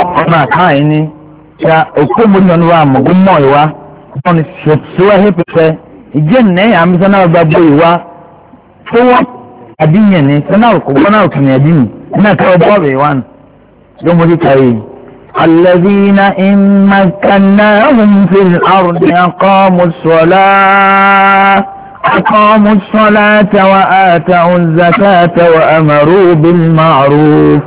ọmọ àkàn yìí ni ṣá òkú mu nínú wa mọ̀gbọ́ mọ̀ ìwá wọn sọ̀tìwá hẹ́ pẹ̀pẹ́ ìjẹ́ nìyẹn àmì sọ́nà ọba bọ̀ ìwá fọwọ́ àdínyẹ̀ ni sọ́nà òkùnkùn náà òkùnkùn àdínyẹ̀ iná kẹwàá bọ́ọ̀lù ìwá nù yóò mọ̀ síta yìí. الذين إن مكناهم في الأرض أقاموا الصلاة أقاموا الصلاة وآتوا الزكاة وأمروا بالمعروف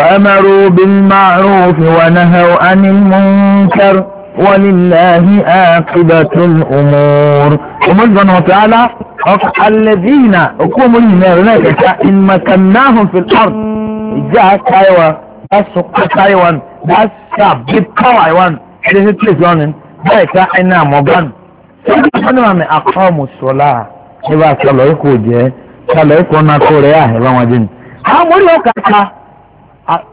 وأمروا بالمعروف ونهوا عن المنكر ولله عاقبة الأمور ومن سبحانه وتعالى الذين أقوموا هناك إن مكناهم في الأرض جاء كايوا أسوق كايوا أسابيب كايوا هذه تلزون ذلك إن مبان سبحانه من أقاموا الصلاة إذا صلوا يكوجه صلوا يكونا كوريا مجين هم ولو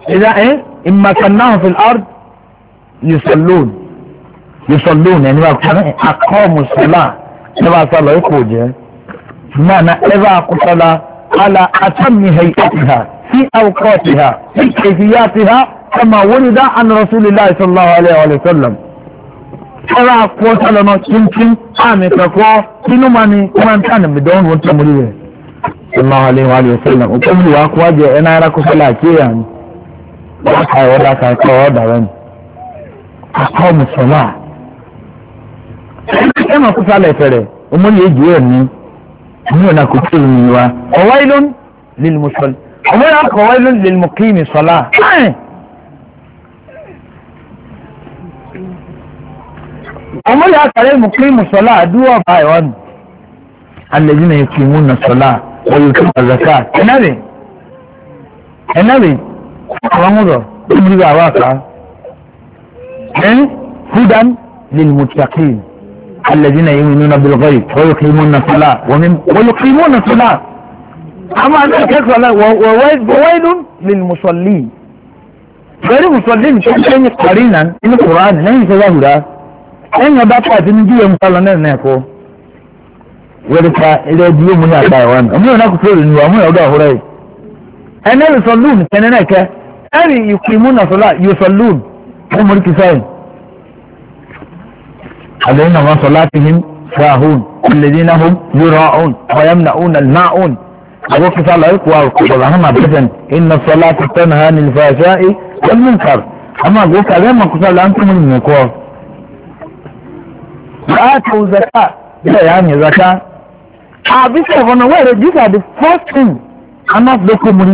إذا إيه إن مكناهم في الأرض يصلون يصلون يعني أقاموا الصلاة إذا صلى يخرج معنى إذا قتل على أتم هيئتها في أوقاتها في كيفياتها كما ولد عن رسول الله صلى الله عليه وسلم إذا قتل يمكن أن تقوى إنه من من كان بدون وانت مريد صلى الله عليه وسلم وكم هو أقوى جاء أنا أراك صلاة يعني dáka ẹ̀wọ́ dáka ẹ̀kọ́ ọ̀wọ́ dàrọ́ ni akọ́ mùsùlùmá. ẹ máa kó sálẹ̀ fẹ̀rẹ̀ ọmọ yẹn jù ẹ̀ ní ní ọ̀nà kò tó lù mí wá ọ̀wá ilón lílu mùsùlùmí ọmọ yẹn kọ̀ ọ̀wá ilón lílu mùkìmí sọ̀lá. ọmọ yẹn akàrẹ́ mùkìmí sọ̀lá àdúrà ọ̀bá ẹ̀wọ́ ni alẹ́ yìí náà yẹ kí n mú nà sọ̀lá ọ̀yọ̀ kí n bà zaka ẹ̀ náà rè ẹ̀ náà rè kọ̀ọ̀mùrọ̀ lórí àwọn àṣà ẹ́n húdán lèlmùtàkìn alẹ́dínà yìí nínú abdulgari wọ́yọ̀kìmún na sọ́lá wọ́yọ̀kìmún na sọ́lá àmà náà kẹ́kọ̀ọ́ náà wọ́wọ́inún lèlmùsọ̀lì pẹ̀lú mùsọ̀lì tó ń kẹ́yìn kọ̀rí náà nínú kùrán lẹ́yìn tó yá hùrá ẹ̀yìn ọba pàtí ní díẹ̀ mùsọ̀lọ́ náà náà kọ́ wẹ́rẹ́ pa ilé ẹdínwó mu ní àgbà ìwà náà ọmọ yóò náà kò fẹ́rẹ̀ nù ọmọ yóò dọ̀ ọ̀húrẹ́ yìí ẹ̀ ẹ̀rì ìkùnmú nàṣọ́lá yóò sọ lóòn fún mọ́ríkì sẹ́yìn àlẹ́yìn àwọn sọlá ti hin fàáhùn ọ̀lẹ́dín náà hùn yóò ọ̀hún ọ̀yẹ́m náà hùn náà hùn àwọn kìsà láìkú àwọn kòkòrò àwọn àbẹ̀sẹ̀ iná sọlá ti tẹ́ náà ní ìfàṣà ẹ̀ wọ́n mú nkàr àmọ́ àgbo kàrẹ́ mọ̀ kòsà láńkùnmù nìkọ́ láàtò zaka bẹ́ẹ̀ yà á ní zaka àbísẹ̀ fọ́nà wẹ́rẹ̀ these are the anáfẹ́ kò mú ní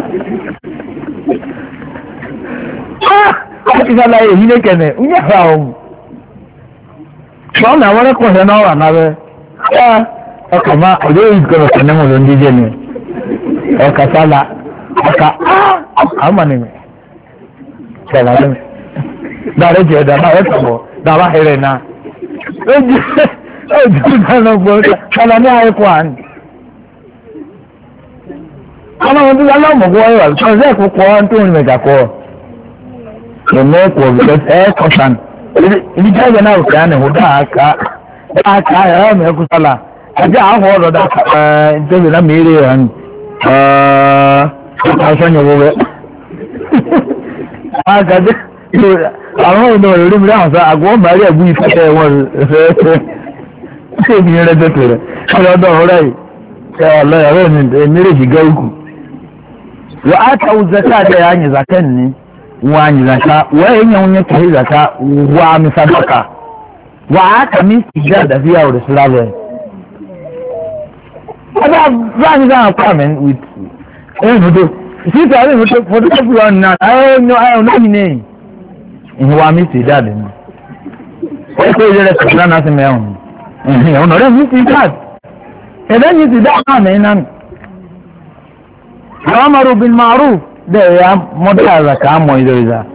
akisa la ehi ne kene nye ha o sọ na wọn kọ wa n'ọra n'abẹ ẹ ọkà ma ọdẹ yìí kọrọ kẹne mo ló ń díje ni ọkà sálà ọkà ama ah, ni mi dàbà ni mi dàrẹ jẹ dàbà ẹ sọgbọ dàbà hẹrẹ náà ẹ jẹ ẹ jẹ dáná gbọ kàlà ní ayé kọ àná ọlọ́run tó yà lọ́mọ̀gbọ́ ẹ̀ wà lọ́sẹ̀ kó kọ́ ọ́n tó ń mẹ̀gà kọ́ ọ́ the milk was just air concern nígbà yẹn náà kàn ní hùdá àká àká ẹ̀rọ mi ẹ̀kú sálà àti àwọn ọ̀rọ̀ dà ẹ̀ ǹtẹ̀sí náà mi rí ẹ̀rọ ni ẹ̀ aṣọ yẹn wọ́wẹ́ a àwọn ọ̀nà ọ̀rọ̀ rí mi rí àwọn sọ àgọ́ màrí ẹ̀gbú yìí fẹ́ wọn rẹ̀ ṣé èmi rẹ̀ tètè rẹ̀ ọ̀rọ̀ ọ̀dọ̀ ọ̀rọ̀ yìí ṣe ọ̀lọ́ ẹ̀rọ mi mérèjì gẹ́gù wọ́n á ta ọ̀zẹ́ká wanyi zaka wayan yawon ya tafi zaka wa mi sadaka wa aka mi tija da fiya wa rasulallah ada za ni za men with eh mudo si ta ni mudo for the one na eh no eh no ni ne in wa mi tija da ni o e ko je le sura na se me on eh on ore mi tija e da ni tija na me nan amaru bil ma'ruf da ya mota zaka amon idoriza